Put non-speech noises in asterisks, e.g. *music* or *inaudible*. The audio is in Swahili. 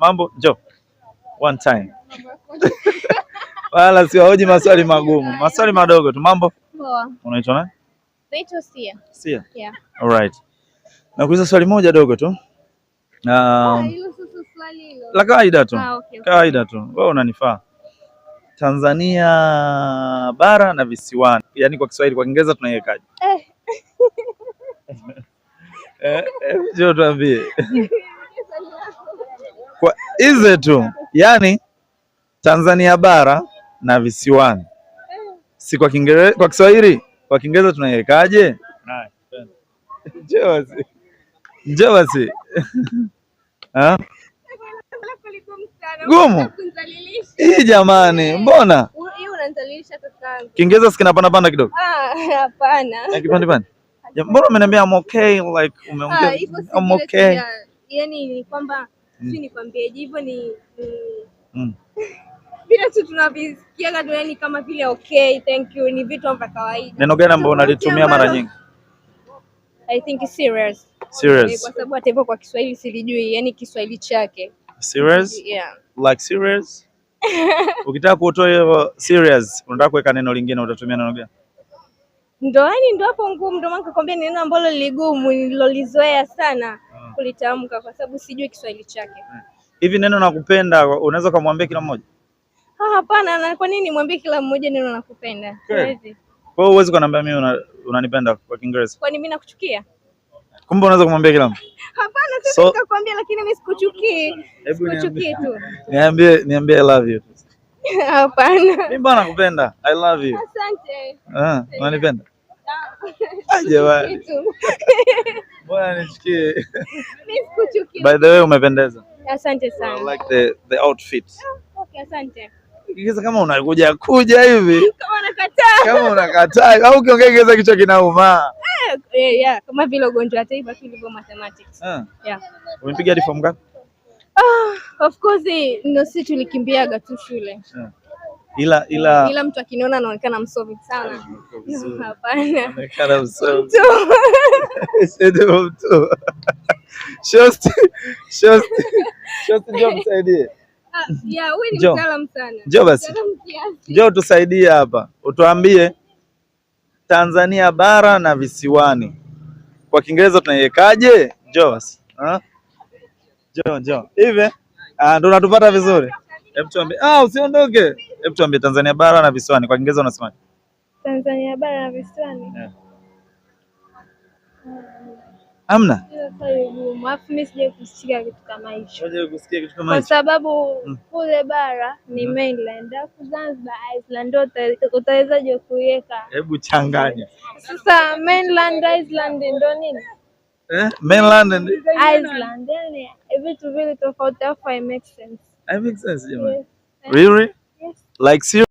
Mambo njo one time wala siwahoji maswali magumu, maswali madogo tu. Mambo unaitwa nani? Naitwa Sia. Sia. Yeah. All right. Nakuuliza swali moja dogo tu na um, la kawaida tu ah, okay, okay. Kawaida tu wewe unanifaa. Tanzania bara na visiwani, yaani kwa Kiswahili, kwa Kiingereza tunaiwekaje? Eh, eh, eh tuambie *laughs* hizi tu, yaani Tanzania bara na visiwani, si kwa Kiingereza, kwa Kiswahili, kwa Kiingereza tunaiwekaje? Njoo basi, njoo basi *laughs* ah? gumu hii jamani, mbona Kiingereza sikinapanda panda kidogo? Ah, eh, hapana, mbona umeniambia I'm okay, like umeongea ah, I'm okay, yani ni kwamba sijui mm. nikwambieje hivyo ni mm. *laughs* vile tu tunavisikiaga yani kama vile okay, thank you, ni vitu vya kawaida. Neno gani ambalo unalitumia mara nyingi? I think serious. Serious. Eh, kwa sababu hata hivyo kwa Kiswahili silijui, yani Kiswahili chake. Serious? Yeah. Like serious? *laughs* Ukitaka kutoa hiyo serious, unataka kuweka neno lingine utatumia neno gani? Ndo yani ndo hapo ngumu, ndo maana nikakwambia neno ambalo liligumu nililolizoea sana kulitamka kwa sababu sijui Kiswahili chake. Eh. Hivi neno nakupenda unaweza kumwambia kila mmoja? Ah, hapana, na kwa nini mwambie kila mmoja neno nakupenda? Siwezi. Kwa hiyo huwezi kuniambia mimi unanipenda kwa Kiingereza? Kwa nini mimi nakuchukia? Kumbe unaweza kumwambia kila mmoja. Hapana, siwezi kukwambia lakini mimi sikuchukii. Hebu Sikuchukii tu. Niambie, niambie I love you. *laughs* Hapana. Mimi bwana nakupenda. I love you. Asante. Ah, unanipenda? Ah, jamani. *laughs* Bwana nishikie. Mimi By the way umependeza. Asante sana. I like the the outfit. Oh, okay, asante. Kigezo kama unakuja kuja hivi. Kama unakataa. Kama unakataa au ukiongea kigezo kichwa kinauma. Eh, Yeah, yeah. Kama vile ugonjwa taifa tulivyo mathematics. Ah. Yeah. Umepiga hadi form gani? Ah, of course, ndio sisi tulikimbiaga tu shule. Yeah ila ila ila mtu akiniona anaonekana msomi sana. Hapana, anaonekana msomi Sasa mtu. Just just just njoo *laughs* msaidie. Ah, ya, wewe ni mtaalamu sana. Njoo basi, njoo tusaidie hapa, utuambie Tanzania bara na visiwani kwa Kiingereza tunaiwekaje? Njoo basi, ah. njoo njoo hivi, ah, ndo natupata vizuri. Hebu tuambie. Ah, usiondoke. Hebu tuambie Tanzania bara na visiwani. Kwa Kiingereza unasemaje? Tanzania bara na visiwani. Yeah. Amna? Sijakusikia kitu kama hicho. Kwa sababu mm. kule bara ni mm. mainland, alafu Zanzibar Island ndio utawezaje kuiweka? Hebu changanya. Sasa mainland Island ndio nini? Eh, mainland and Iceland, Island. Vitu vile tofauti, alafu I make sense. I make sense, jamani. Really? like